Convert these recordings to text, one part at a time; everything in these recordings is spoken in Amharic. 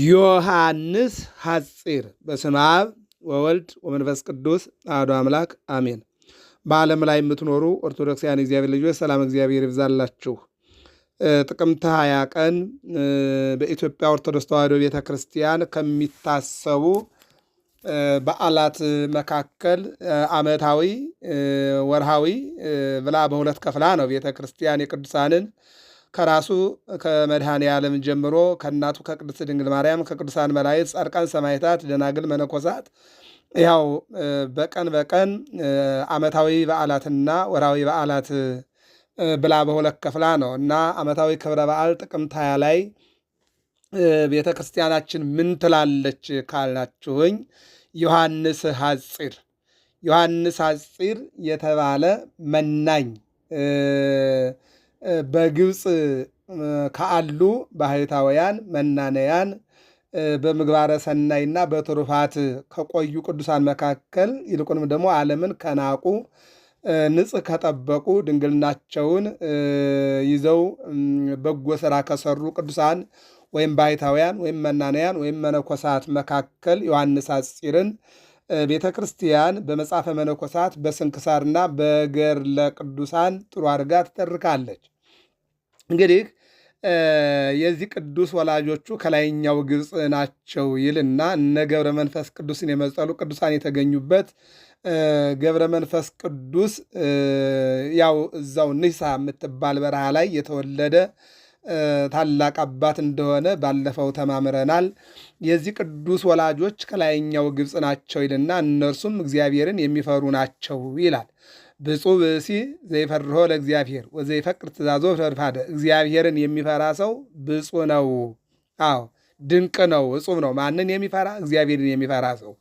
ዮሐንስ ሐፂር በስመ አብ ወወልድ ወመንፈስ ቅዱስ አሐዱ አምላክ አሜን። በዓለም ላይ የምትኖሩ ኦርቶዶክሳውያን እግዚአብሔር ልጆች ሰላም እግዚአብሔር ይብዛላችሁ። ጥቅምት 20 ቀን በኢትዮጵያ ኦርቶዶክስ ተዋሕዶ ቤተ ክርስቲያን ከሚታሰቡ በዓላት መካከል ዓመታዊ፣ ወርሃዊ ብላ በሁለት ከፍላ ነው ቤተ ክርስቲያን የቅዱሳንን ከራሱ ከመድኃኔ ዓለም ጀምሮ ከእናቱ ከቅድስት ድንግል ማርያም ከቅዱሳን መላእክት፣ ጻድቃን፣ ሰማዕታት፣ ደናግል፣ መነኮሳት ያው በቀን በቀን ዓመታዊ በዓላትና ወራዊ በዓላት ብላ በሁለት ከፍላ ነው እና ዓመታዊ ክብረ በዓል ጥቅምት ሃያ ላይ ቤተ ክርስቲያናችን ምን ትላለች ካላችሁኝ፣ ዮሐንስ ሐፂር ዮሐንስ ሐፂር የተባለ መናኝ በግብፅ ከአሉ ባህታውያን መናነያን በምግባረ ሰናይና በትሩፋት ከቆዩ ቅዱሳን መካከል ይልቁንም ደግሞ ዓለምን ከናቁ ንጽህ ከጠበቁ ድንግልናቸውን ይዘው በጎ ስራ ከሰሩ ቅዱሳን ወይም ባይታውያን ወይም መናነያን ወይም መነኮሳት መካከል ዮሐንስ አጽሪን ቤተ ክርስቲያን በመጽሐፈ መነኮሳት በስንክሳርና በገር ለቅዱሳን ጥሩ አድርጋ ትተርካለች። እንግዲህ የዚህ ቅዱስ ወላጆቹ ከላይኛው ግብፅ ናቸው ይልና እነ ገብረ መንፈስ ቅዱስን የመጸሉ ቅዱሳን የተገኙበት ገብረ መንፈስ ቅዱስ ያው እዛው ንሳ የምትባል በረሃ ላይ የተወለደ ታላቅ አባት እንደሆነ ባለፈው ተማምረናል። የዚህ ቅዱስ ወላጆች ከላይኛው ግብፅ ናቸው ይልና እነርሱም እግዚአብሔርን የሚፈሩ ናቸው ይላል። ብፁዕ ብእሲ ዘይፈርሆ ለእግዚአብሔር ወዘይፈቅድ ትእዛዞ ረድፋደ እግዚአብሔርን የሚፈራ ሰው ብፁዕ ነው። አዎ ድንቅ ነው፣ እጹም ነው። ማንን የሚፈራ እግዚአብሔርን የሚፈራ ሰው።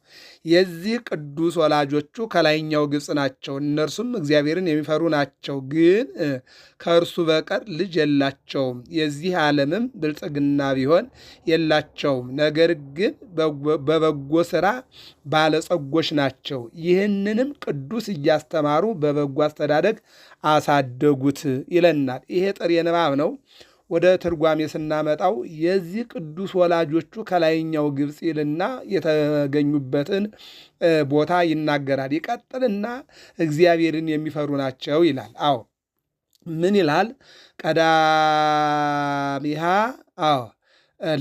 የዚህ ቅዱስ ወላጆቹ ከላይኛው ግብፅ ናቸው፣ እነርሱም እግዚአብሔርን የሚፈሩ ናቸው። ግን ከእርሱ በቀር ልጅ የላቸውም፣ የዚህ ዓለምም ብልጽግና ቢሆን የላቸውም። ነገር ግን በበጎ ስራ ባለጸጎች ናቸው። ይህንንም ቅዱስ እያስተማሩ በበጎ አስተዳደግ አሳደጉት ይለናል። ይሄ ጥሬ ንባብ ነው። ወደ ትርጓሜ ስናመጣው የዚህ ቅዱስ ወላጆቹ ከላይኛው ግብፅ ይልና የተገኙበትን ቦታ ይናገራል። ይቀጥልና እግዚአብሔርን የሚፈሩ ናቸው ይላል። አዎ ምን ይላል? ቀዳሚሃ አዎ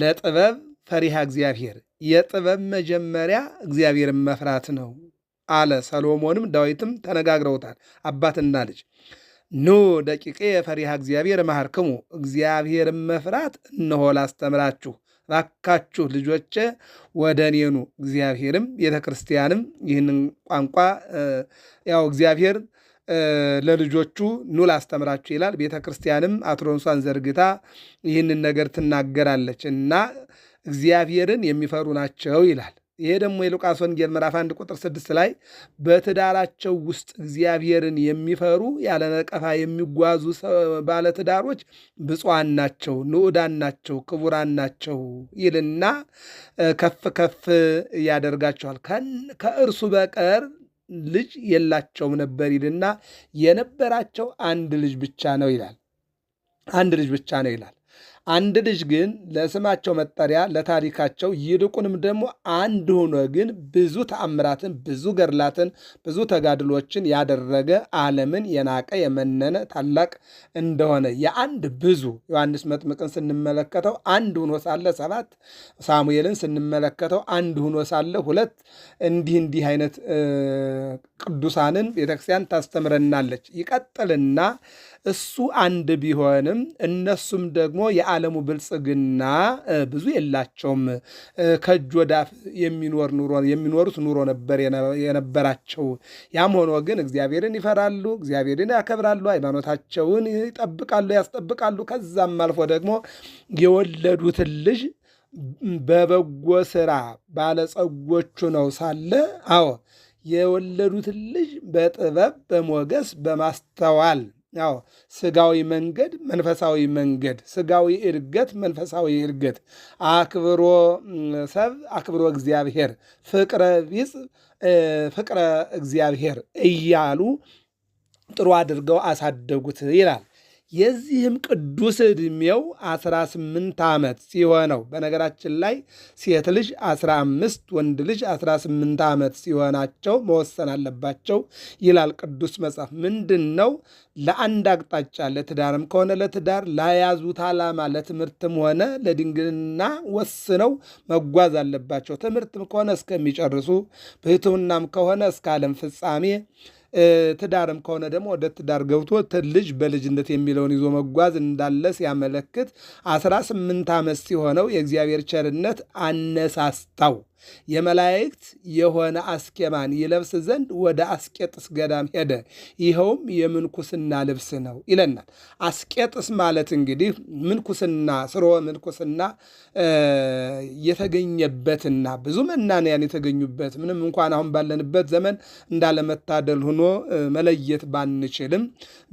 ለጥበብ ፈሪሃ እግዚአብሔር፣ የጥበብ መጀመሪያ እግዚአብሔርን መፍራት ነው አለ። ሰሎሞንም ዳዊትም ተነጋግረውታል አባትና ልጅ ኑ ደቂቄ የፈሪሃ እግዚአብሔር መሃርክሙ እግዚአብሔር መፍራት እነሆ ላስተምራችሁ ባካችሁ ልጆቼ ወደ እኔኑ። ኑ። እግዚአብሔርም ቤተ ክርስቲያንም ይህንን ቋንቋ ያው እግዚአብሔር ለልጆቹ ኑ ላስተምራችሁ ይላል። ቤተ ክርስቲያንም አትሮንሷን ዘርግታ ይህንን ነገር ትናገራለች እና እግዚአብሔርን የሚፈሩ ናቸው ይላል። ይሄ ደግሞ የሉቃስ ወንጌል ምዕራፍ 1 ቁጥር 6 ላይ በትዳራቸው ውስጥ እግዚአብሔርን የሚፈሩ ያለ ነቀፋ የሚጓዙ ባለትዳሮች ብፁዓን ናቸው፣ ንዑዳን ናቸው፣ ክቡራን ናቸው ይልና ከፍ ከፍ ያደርጋቸዋል። ከእርሱ በቀር ልጅ የላቸውም ነበር ይልና የነበራቸው አንድ ልጅ ብቻ ነው ይላል። አንድ ልጅ ብቻ ነው ይላል። አንድ ልጅ ግን ለስማቸው መጠሪያ ለታሪካቸው ይልቁንም ደግሞ አንድ ሆኖ ግን ብዙ ተአምራትን፣ ብዙ ገድላትን፣ ብዙ ተጋድሎችን ያደረገ ዓለምን የናቀ የመነነ ታላቅ እንደሆነ የአንድ ብዙ ዮሐንስ መጥምቅን ስንመለከተው አንድ ሆኖ ሳለ ሰባት፣ ሳሙኤልን ስንመለከተው አንድ ሆኖ ሳለ ሁለት፣ እንዲህ እንዲህ አይነት ቅዱሳንን ቤተክርስቲያን ታስተምረናለች። ይቀጥልና እሱ አንድ ቢሆንም እነሱም ደግሞ የዓለሙ ብልጽግና ብዙ የላቸውም። ከእጅ ወዳፍ የሚኖር ኑሮ የሚኖሩት ኑሮ ነበር የነበራቸው። ያም ሆኖ ግን እግዚአብሔርን ይፈራሉ፣ እግዚአብሔርን ያከብራሉ፣ ሃይማኖታቸውን ይጠብቃሉ፣ ያስጠብቃሉ። ከዛም አልፎ ደግሞ የወለዱትን ልጅ በበጎ ስራ ባለጸጎቹ ነው ሳለ አዎ የወለዱትን ልጅ በጥበብ በሞገስ በማስተዋል አዎ ስጋዊ መንገድ፣ መንፈሳዊ መንገድ፣ ስጋዊ እድገት፣ መንፈሳዊ እድገት፣ አክብሮ ሰብ፣ አክብሮ እግዚአብሔር፣ ፍቅረ ቢጽ፣ ፍቅረ እግዚአብሔር እያሉ ጥሩ አድርገው አሳደጉት ይላል። የዚህም ቅዱስ ዕድሜው 18 ዓመት ሲሆነው፣ በነገራችን ላይ ሴት ልጅ 15 ወንድ ልጅ 18 ዓመት ሲሆናቸው መወሰን አለባቸው ይላል ቅዱስ መጽሐፍ። ምንድን ነው ለአንድ አቅጣጫ ለትዳርም ከሆነ ለትዳር ላያዙት ዓላማ ለትምህርትም ሆነ ለድንግልና ወስነው መጓዝ አለባቸው። ትምህርትም ከሆነ እስከሚጨርሱ፣ ብህትውናም ከሆነ እስከ ዓለም ፍጻሜ ትዳርም ከሆነ ደግሞ ወደ ትዳር ገብቶ ልጅ በልጅነት የሚለውን ይዞ መጓዝ እንዳለ ሲያመለክት 18 ዓመት ሲሆነው የእግዚአብሔር ቸርነት አነሳስታው የመላእክት የሆነ አስኬማን ይለብስ ዘንድ ወደ አስቄጥስ ገዳም ሄደ። ይኸውም የምንኩስና ልብስ ነው ይለናል። አስቄጥስ ማለት እንግዲህ ምንኩስና፣ ስርወ ምንኩስና የተገኘበትና ብዙ መናንያን የተገኙበት ምንም እንኳን አሁን ባለንበት ዘመን እንዳለመታደል ሆኖ መለየት ባንችልም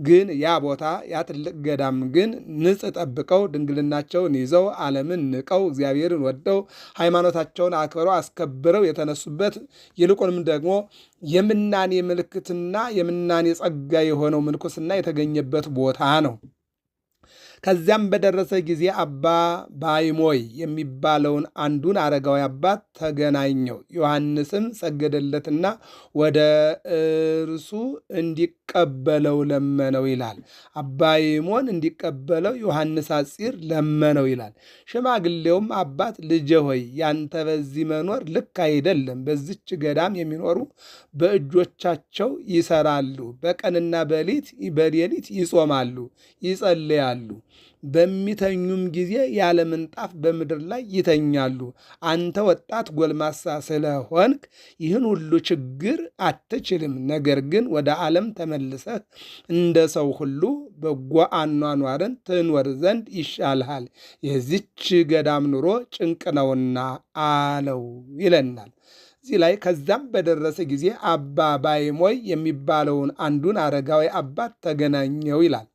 ግን ያ ቦታ ያ ትልቅ ገዳም ግን ንጽ ጠብቀው ድንግልናቸውን ይዘው ዓለምን ንቀው እግዚአብሔርን ወደው ሃይማኖታቸውን አክብረው አስከብረው የተነሱበት ይልቁንም ደግሞ የምናኔ ምልክትና የምናኔ ጸጋ የሆነው ምንኩስና የተገኘበት ቦታ ነው። ከዚያም በደረሰ ጊዜ አባ ባይሞይ የሚባለውን አንዱን አረጋዊ አባት ተገናኘው። ዮሐንስም ሰገደለትና ወደ እርሱ እንዲ ቀበለው ለመነው ይላል። አባ ይሞን እንዲቀበለው ዮሐንስ አፂር ለመነው ይላል። ሽማግሌውም አባት ልጄ ሆይ ያንተ በዚህ መኖር ልክ አይደለም። በዚች ገዳም የሚኖሩ በእጆቻቸው ይሰራሉ፣ በቀንና በሌሊት ይጾማሉ፣ ይጸልያሉ በሚተኙም ጊዜ ያለ ምንጣፍ በምድር ላይ ይተኛሉ። አንተ ወጣት ጎልማሳ ስለሆንክ ይህን ሁሉ ችግር አትችልም። ነገር ግን ወደ ዓለም ተመልሰህ እንደ ሰው ሁሉ በጎ አኗኗርን ትኖር ዘንድ ይሻልሃል። የዚች ገዳም ኑሮ ጭንቅ ነውና አለው ይለናል። እዚህ ላይ ከዛም በደረሰ ጊዜ አባ ባይሞይ የሚባለውን አንዱን አረጋዊ አባት ተገናኘው ይላል።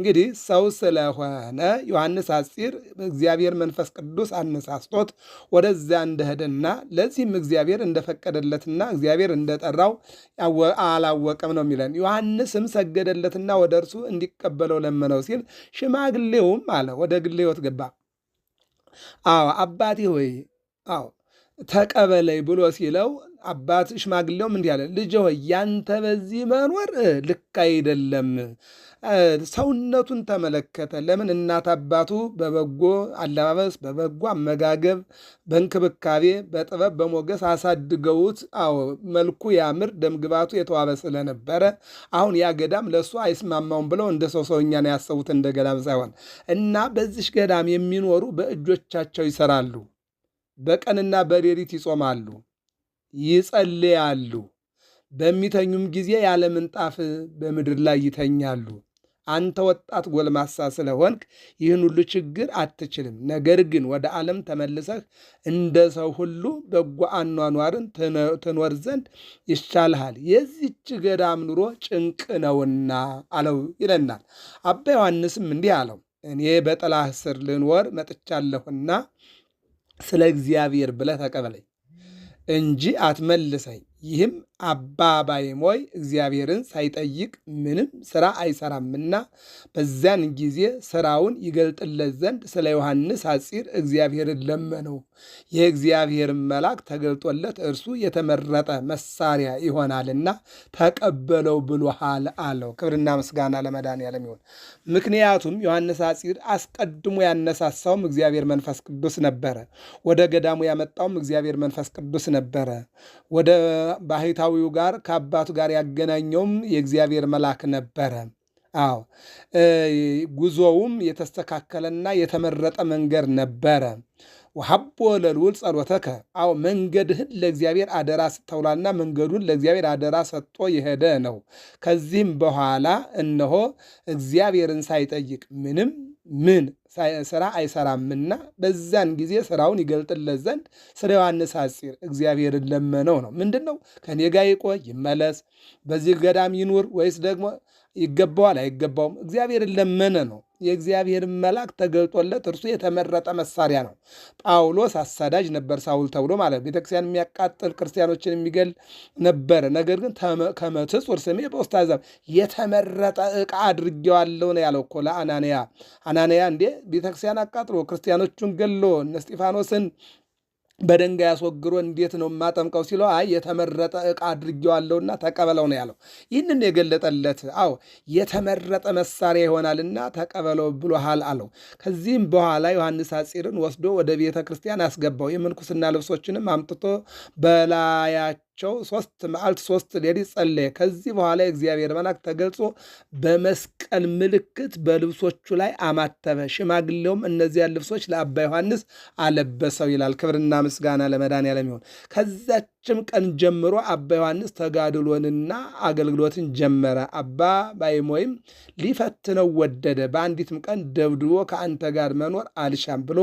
እንግዲህ ሰው ስለሆነ ዮሐንስ አፂር እግዚአብሔር መንፈስ ቅዱስ አነሳስቶት ወደዚያ እንደሄደና ለዚህም እግዚአብሔር እንደፈቀደለትና እግዚአብሔር እንደጠራው አላወቀም ነው የሚለን። ዮሐንስም ሰገደለትና ወደ እርሱ እንዲቀበለው ለመነው ሲል ሽማግሌውም አለ ወደ ግሌ ገባ። አዎ አባቴ ሆይ አዎ ተቀበለይ ብሎ ሲለው አባት ሽማግሌውም እንዲህ አለ፣ ልጅ ሆይ ያንተ በዚህ መኖር ልክ አይደለም ሰውነቱን ተመለከተ። ለምን እናት አባቱ በበጎ አለባበስ፣ በበጎ አመጋገብ፣ በእንክብካቤ፣ በጥበብ በሞገስ አሳድገውት፣ አዎ መልኩ ያምር ደምግባቱ የተዋበ ስለነበረ አሁን ያ ገዳም ለእሱ አይስማማውም ብለው እንደ ሰው ሰውኛ ነው ያሰቡት፣ እንደ ገዳም ሳይሆን እና በዚሽ ገዳም የሚኖሩ በእጆቻቸው ይሰራሉ፣ በቀንና በሌሊት ይጾማሉ፣ ይጸልያሉ። በሚተኙም ጊዜ ያለ ምንጣፍ በምድር ላይ ይተኛሉ። አንተ ወጣት ጎልማሳ ስለሆንክ ይህን ሁሉ ችግር አትችልም። ነገር ግን ወደ ዓለም ተመልሰህ እንደ ሰው ሁሉ በጎ አኗኗርን ትኖር ዘንድ ይሻልሃል። የዚች ገዳም ኑሮ ጭንቅ ነውና አለው ይለናል። አባ ዮሐንስም እንዲህ አለው፣ እኔ በጥላህ ስር ልኖር መጥቻለሁና ስለ እግዚአብሔር ብለህ ተቀበለኝ እንጂ አትመልሰኝ ይህም አባ ባይሞይ እግዚአብሔርን ሳይጠይቅ ምንም ስራ አይሰራምና በዚያን ጊዜ ስራውን ይገልጥለት ዘንድ ስለ ዮሐንስ አጺር እግዚአብሔርን ለመነው። የእግዚአብሔርን መልአክ ተገልጦለት እርሱ የተመረጠ መሳሪያ ይሆናልና ተቀበለው ብሎሃል አለው። ክብርና ምስጋና ለመድኃኔዓለም ይሁን። ምክንያቱም ዮሐንስ አጺር አስቀድሞ ያነሳሳውም እግዚአብሔር መንፈስ ቅዱስ ነበረ። ወደ ገዳሙ ያመጣውም እግዚአብሔር መንፈስ ቅዱስ ነበረ። ወደ ባህታዊው ጋር ከአባቱ ጋር ያገናኘውም የእግዚአብሔር መልአክ ነበረ። አዎ ጉዞውም የተስተካከለና የተመረጠ መንገድ ነበረ። ወሀቦ ለልዑል ጸሎተከ አዎ መንገድህን ለእግዚአብሔር አደራ ተውላልና መንገዱን ለእግዚአብሔር አደራ ሰጥቶ የሄደ ነው። ከዚህም በኋላ እነሆ እግዚአብሔርን ሳይጠይቅ ምንም ምን ስራ አይሰራምና በዛን ጊዜ ስራውን ይገልጥለት ዘንድ ስለ ዮሐንስ ሐፂር እግዚአብሔርን ለመነው ነው። ምንድን ነው? ከኔ ጋ ይቆይ ይመለስ፣ በዚህ ገዳም ይኑር ወይስ ደግሞ ይገባዋል አይገባውም? እግዚአብሔር ለመነ ነው። የእግዚአብሔርን መልአክ ተገልጦለት እርሱ የተመረጠ መሳሪያ ነው። ጳውሎስ አሳዳጅ ነበር፣ ሳውል ተብሎ ማለት ቤተክርስቲያን የሚያቃጥል ክርስቲያኖችን የሚገል ነበር። ነገር ግን ከመትጹር ስሜ በውስታዛብ የተመረጠ ዕቃ አድርጌዋለሁ ነው ያለው እኮ ለአናንያ። አናንያ እንዴ ቤተክርስቲያን አቃጥሎ ክርስቲያኖቹን ገሎ እነ እስጢፋኖስን በድንጋይ አስወግሮ እንዴት ነው የማጠምቀው ሲለው አይ የተመረጠ ዕቃ አድርጌዋለሁና ተቀበለው ነው ያለው። ይህንን የገለጠለት አዎ የተመረጠ መሳሪያ ይሆናልና ተቀበለው ብሎሃል አለው። ከዚህም በኋላ ዮሐንስ አጺርን ወስዶ ወደ ቤተ ክርስቲያን አስገባው። የምንኩስና ልብሶችንም አምጥቶ በላያቸው ቸው ሶስት መዓልት ሶስት ሌሊት ጸለየ። ከዚህ በኋላ የእግዚአብሔር መልአክ ተገልጾ በመስቀል ምልክት በልብሶቹ ላይ አማተበ። ሽማግሌውም እነዚያን ልብሶች ለአባ ዮሐንስ አለበሰው ይላል። ክብርና ምስጋና ለመድኃኔዓለም ይሁን። ከዛችም ቀን ጀምሮ አባ ዮሐንስ ተጋድሎንና አገልግሎትን ጀመረ። አባ ባይሞይም ሊፈትነው ወደደ። በአንዲትም ቀን ደብድቦ ከአንተ ጋር መኖር አልሻም ብሎ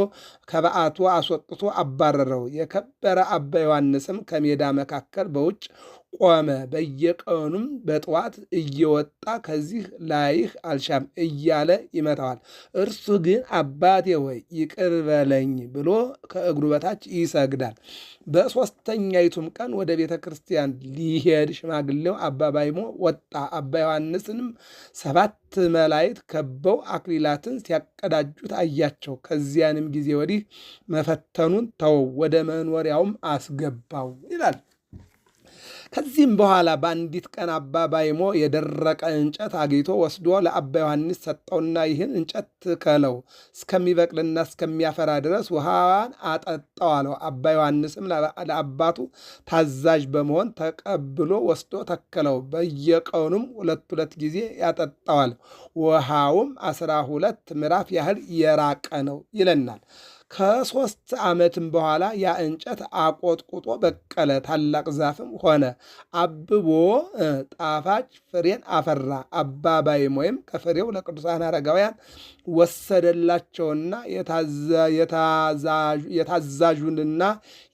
ከበዓቱ አስወጥቶ አባረረው። የከበረ አባ ዮሐንስም ከሜዳ መካከል መካከል በውጭ ቆመ። በየቀኑም በጠዋት እየወጣ ከዚህ ላይህ አልሻም እያለ ይመታዋል። እርሱ ግን አባቴ ሆይ ይቅር በለኝ ብሎ ከእግሩ በታች ይሰግዳል። በሦስተኛይቱም ቀን ወደ ቤተ ክርስቲያን ሊሄድ ሽማግሌው አባ ባይሞ ወጣ። አባ ዮሐንስንም ሰባት መላእክት ከበው አክሊላትን ሲያቀዳጁት አያቸው። ከዚያንም ጊዜ ወዲህ መፈተኑን ተወው፣ ወደ መኖሪያውም አስገባው ይላል። ከዚህም በኋላ በአንዲት ቀን አባ ባይሞ የደረቀ እንጨት አግኝቶ ወስዶ ለአባ ዮሐንስ ሰጠውና ይህን እንጨት ትከለው እስከሚበቅልና እስከሚያፈራ ድረስ ውሃዋን አጠጣው አለው። አባ ዮሐንስም ለአባቱ ታዛዥ በመሆን ተቀብሎ ወስዶ ተከለው። በየቀኑም ሁለት ሁለት ጊዜ ያጠጣዋል። ውሃውም አስራ ሁለት ምዕራፍ ያህል የራቀ ነው ይለናል። ከሦስት ዓመትም በኋላ ያ እንጨት አቆጥቁጦ በቀለ፣ ታላቅ ዛፍም ሆነ፣ አብቦ ጣፋጭ ፍሬን አፈራ። አባባይም ወይም ከፍሬው ለቅዱሳን አረጋውያን ወሰደላቸውና የታዛዡንና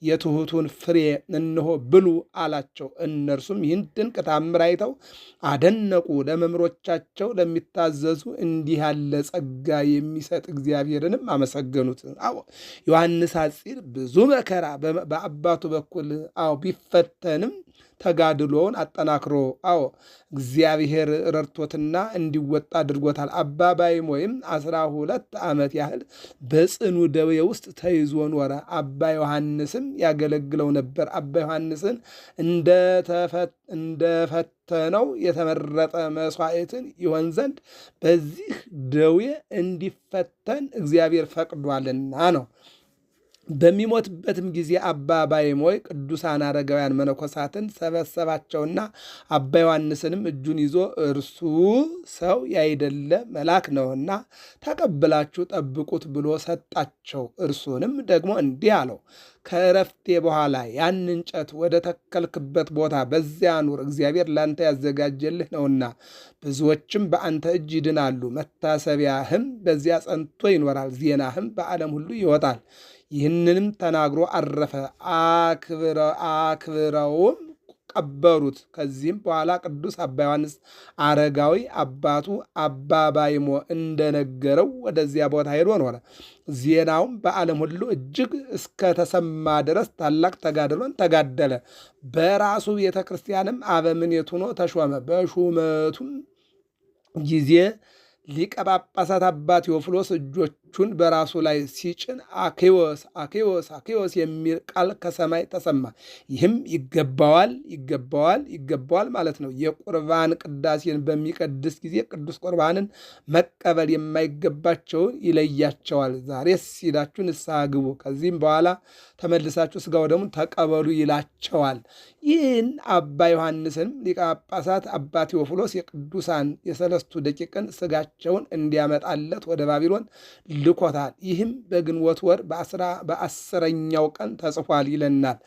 የትሑቱን ፍሬ እንሆ ብሉ አላቸው። እነርሱም ይህን ድንቅ ታምር አይተው አደነቁ። ለመምሮቻቸው ለሚታዘዙ እንዲህ ያለ ጸጋ የሚሰጥ እግዚአብሔርንም አመሰገኑት። አዎ ዮሐንስ አፂር ብዙ መከራ በአባቱ በኩል አዎ ቢፈተንም ተጋድሎውን አጠናክሮ አዎ እግዚአብሔር ረድቶትና እንዲወጣ አድርጎታል። አባባይም ወይም አስራ ሁለት ዓመት ያህል በጽኑ ደዌ ውስጥ ተይዞ ኖረ። አባ ዮሐንስም ያገለግለው ነበር። አባ ዮሐንስን እንደፈተነው የተመረጠ መስዋዕትን ይሆን ዘንድ በዚህ ደዌ እንዲፈተን እግዚአብሔር ፈቅዷልና ነው። በሚሞትበትም ጊዜ አባ ባይሞይ ቅዱሳን አረጋውያን መነኮሳትን ሰበሰባቸውና አባ ዮሐንስንም እጁን ይዞ እርሱ ሰው ያይደለ መልአክ ነውና ተቀብላችሁ ጠብቁት ብሎ ሰጣቸው። እርሱንም ደግሞ እንዲህ አለው፣ ከእረፍቴ በኋላ ያን እንጨት ወደ ተከልክበት ቦታ በዚያ ኑር፣ እግዚአብሔር ላንተ ያዘጋጀልህ ነውና ብዙዎችም በአንተ እጅ ይድናሉ። መታሰቢያህም በዚያ ጸንቶ ይኖራል፣ ዜናህም በዓለም ሁሉ ይወጣል። ይህንንም ተናግሮ አረፈ። አክብረውም ቀበሩት። ከዚህም በኋላ ቅዱስ አባ ዮሐንስ አረጋዊ አባቱ አባባይሞ እንደነገረው ወደዚያ ቦታ ሄዶ ኖረ። ዜናውም በዓለም ሁሉ እጅግ እስከተሰማ ድረስ ታላቅ ተጋድሎን ተጋደለ። በራሱ ቤተ ክርስቲያንም አበምኔት ሆኖ ተሾመ። በሹመቱም ጊዜ ሊቀ ጳጳሳት አባ ቴዎፍሎስ እጆች ቹን በራሱ ላይ ሲጭን አኬዎስ አኬዎስ አኬዎስ የሚል ቃል ከሰማይ ተሰማ። ይህም ይገባዋል ይገባዋል ይገባዋል ማለት ነው። የቁርባን ቅዳሴን በሚቀድስ ጊዜ ቅዱስ ቁርባንን መቀበል የማይገባቸውን ይለያቸዋል። ዛሬስ ሲዳችሁ ንስሐ ግቡ፣ ከዚህም በኋላ ተመልሳችሁ ስጋው ወደሙን ተቀበሉ ይላቸዋል። ይህን አባ ዮሐንስን ሊቀ ጳጳሳት አባ ቴዎፍሎስ የቅዱሳን የሰለስቱ ደቂቅን ስጋቸውን እንዲያመጣለት ወደ ባቢሎን ልኮታል። ይህም በግንቦት ወር በአስረኛው ቀን ተጽፏል ይለናል።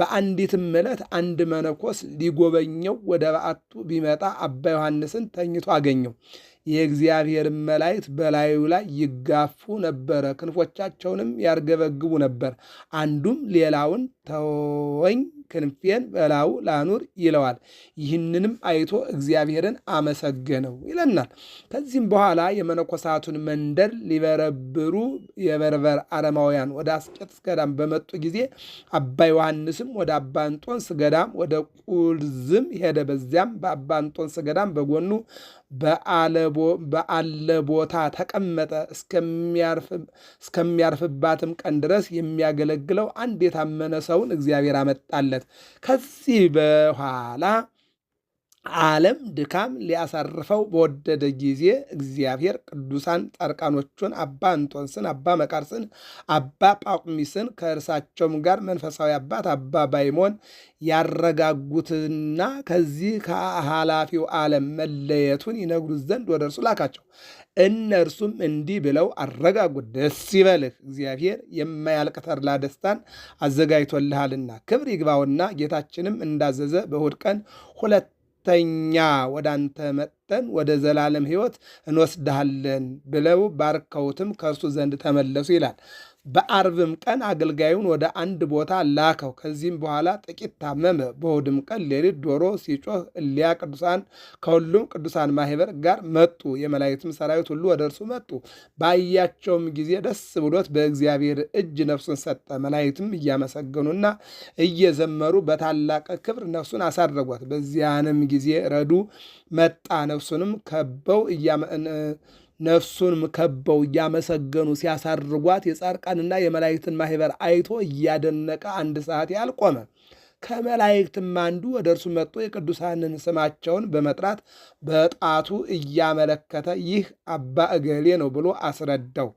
በአንዲትም ዕለት አንድ መነኮስ ሊጎበኘው ወደ በዓቱ ቢመጣ አባ ዮሐንስን ተኝቶ አገኘው። የእግዚአብሔርን መላእክት በላዩ ላይ ይጋፉ ነበረ፣ ክንፎቻቸውንም ያርገበግቡ ነበር። አንዱም ሌላውን ተወኝ ክንፌን በላዩ ላኑር ይለዋል። ይህንንም አይቶ እግዚአብሔርን አመሰገነው ይለናል። ከዚህም በኋላ የመነኮሳቱን መንደር ሊበረብሩ የበርበር አረማውያን ወደ አስቄጥስ ገዳም በመጡ ጊዜ አባ ዮሐንስም ወደ አባንጦንስ ገዳም ወደ ቁልዝም ሄደ። በዚያም በአባንጦንስ ገዳም በጎኑ በአለ ቦታ ተቀመጠ። እስከሚያርፍባትም ቀን ድረስ የሚያገለግለው አንድ የታመነ ሰውን እግዚአብሔር አመጣለት። ከዚህ በኋላ ዓለም ድካም ሊያሳርፈው በወደደ ጊዜ እግዚአብሔር ቅዱሳን ጠርቃኖቹን አባ እንጦንስን፣ አባ መቃርስን፣ አባ ጳቁሚስን ከእርሳቸውም ጋር መንፈሳዊ አባት አባ ባይሞን ያረጋጉትና ከዚህ ከኃላፊው ዓለም መለየቱን ይነግሩት ዘንድ ወደ እርሱ ላካቸው። እነርሱም እንዲህ ብለው አረጋጉት። ደስ ይበልህ፣ እግዚአብሔር የማያልቅ ተድላ ደስታን አዘጋጅቶልሃልና ክብር ይግባውና ጌታችንም እንዳዘዘ በሁድ ቀን ሁለት ተኛ ወደ አንተ መጥተን ወደ ዘላለም ሕይወት እንወስድሃለን ብለው ባርከውትም ከእርሱ ዘንድ ተመለሱ ይላል። በአርብም ቀን አገልጋዩን ወደ አንድ ቦታ ላከው። ከዚህም በኋላ ጥቂት ታመመ። በእሑድም ቀን ሌሊት ዶሮ ሲጮህ እሊያ ቅዱሳን ከሁሉም ቅዱሳን ማኅበር ጋር መጡ። የመላእክትም ሰራዊት ሁሉ ወደ እርሱ መጡ። ባያቸውም ጊዜ ደስ ብሎት በእግዚአብሔር እጅ ነፍሱን ሰጠ። መላእክትም እያመሰገኑና እየዘመሩ በታላቅ ክብር ነፍሱን አሳረጓት። በዚያንም ጊዜ ረዱ መጣ። ነፍሱንም ከበው ነፍሱን ከበው እያመሰገኑ ሲያሳርጓት የጻድቃንና የመላእክትን ማህበር አይቶ እያደነቀ አንድ ሰዓት ያህል ቆመ። ከመላእክትም አንዱ ወደ እርሱ መጥቶ የቅዱሳንን ስማቸውን በመጥራት በጣቱ እያመለከተ ይህ አባ እገሌ ነው ብሎ አስረዳው።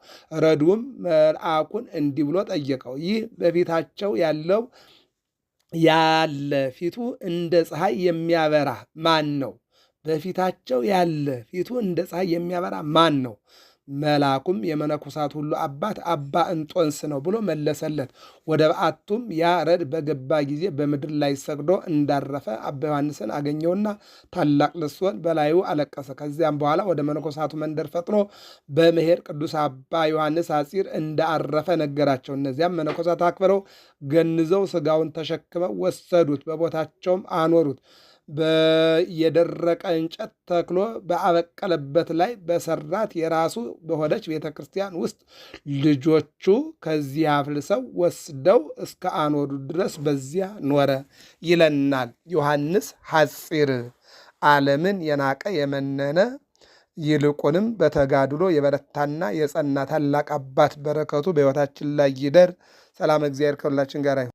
ረዱም መልአኩን እንዲህ ብሎ ጠየቀው፣ ይህ በፊታቸው ያለው ያለ ፊቱ እንደ ፀሐይ የሚያበራ ማን ነው? በፊታቸው ያለ ፊቱ እንደ ፀሐይ የሚያበራ ማን ነው? መልአኩም የመነኮሳት ሁሉ አባት አባ እንጦንስ ነው ብሎ መለሰለት። ወደ በዓቱም ያ ረድ በገባ ጊዜ በምድር ላይ ሰግዶ እንዳረፈ አባ ዮሐንስን አገኘውና ታላቅ ልቅሶን በላዩ አለቀሰ። ከዚያም በኋላ ወደ መነኮሳቱ መንደር ፈጥኖ በመሄድ ቅዱስ አባ ዮሐንስ አፂር እንዳረፈ ነገራቸው። እነዚያም መነኮሳት አክብረው ገንዘው ስጋውን ተሸክመው ወሰዱት፣ በቦታቸውም አኖሩት። የደረቀ እንጨት ተክሎ በአበቀለበት ላይ በሰራት የራሱ በሆነች ቤተ ክርስቲያን ውስጥ ልጆቹ ከዚህ አፍልሰው ወስደው እስከ አኖዱ ድረስ በዚያ ኖረ ይለናል ዮሐንስ ሐጺር። ዓለምን የናቀ የመነነ ይልቁንም በተጋድሎ የበረታና የጸና ታላቅ አባት በረከቱ በሕይወታችን ላይ ይደር። ሰላም እግዚአብሔር ከሁላችን ጋር